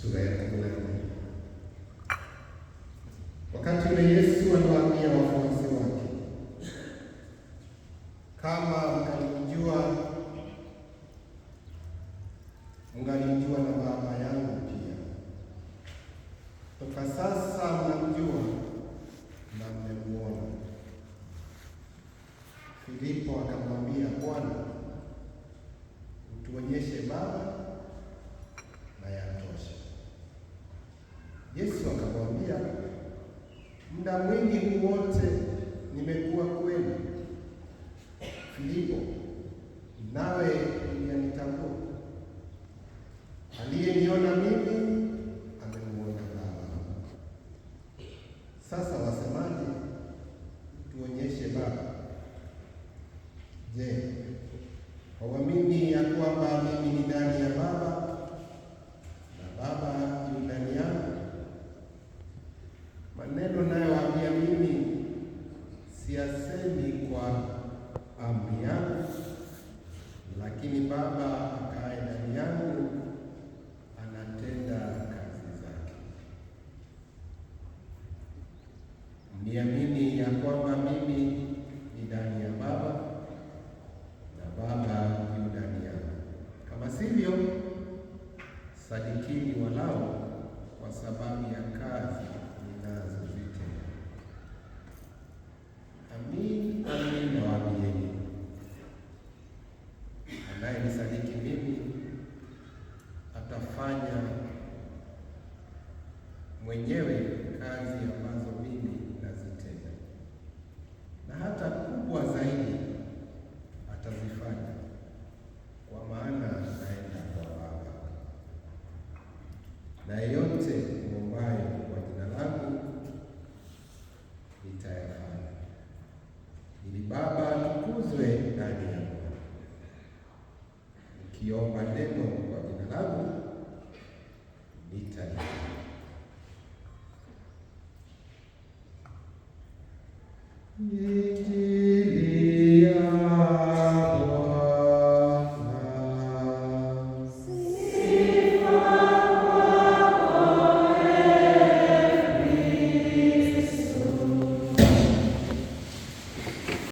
sura ya kumi na nne. Wakati ule Yesu anawaambia wafuasi wake, kama mngalimjua mngalimjua na Baba yangu pia, toka sasa mnamjua Yesu akamwambia, muda mwingi huu wote nimekuwa kwenu Filipo, nawe ulianitambua? Aliyeniona mimi maneno nayoambia mimi siyasemi kwa amri yangu, lakini Baba akaye ndani yangu anatenda kazi zake. Niamini ya kwamba mimi ni ndani ya Baba na Baba yu ndani yangu, kama sivyo sadikini walao kwa sababu ya kazi saa zote. Amin, amin nawaambieni, anayenisadiki mimi atafanya mwenyewe kazi ambazo mimi nazitenda, na hata kubwa zaidi atazifanya, kwa maana naenda kwa Baba na yote muombayo mkiomba neno kwa jina langu nitalijibu. Yeah.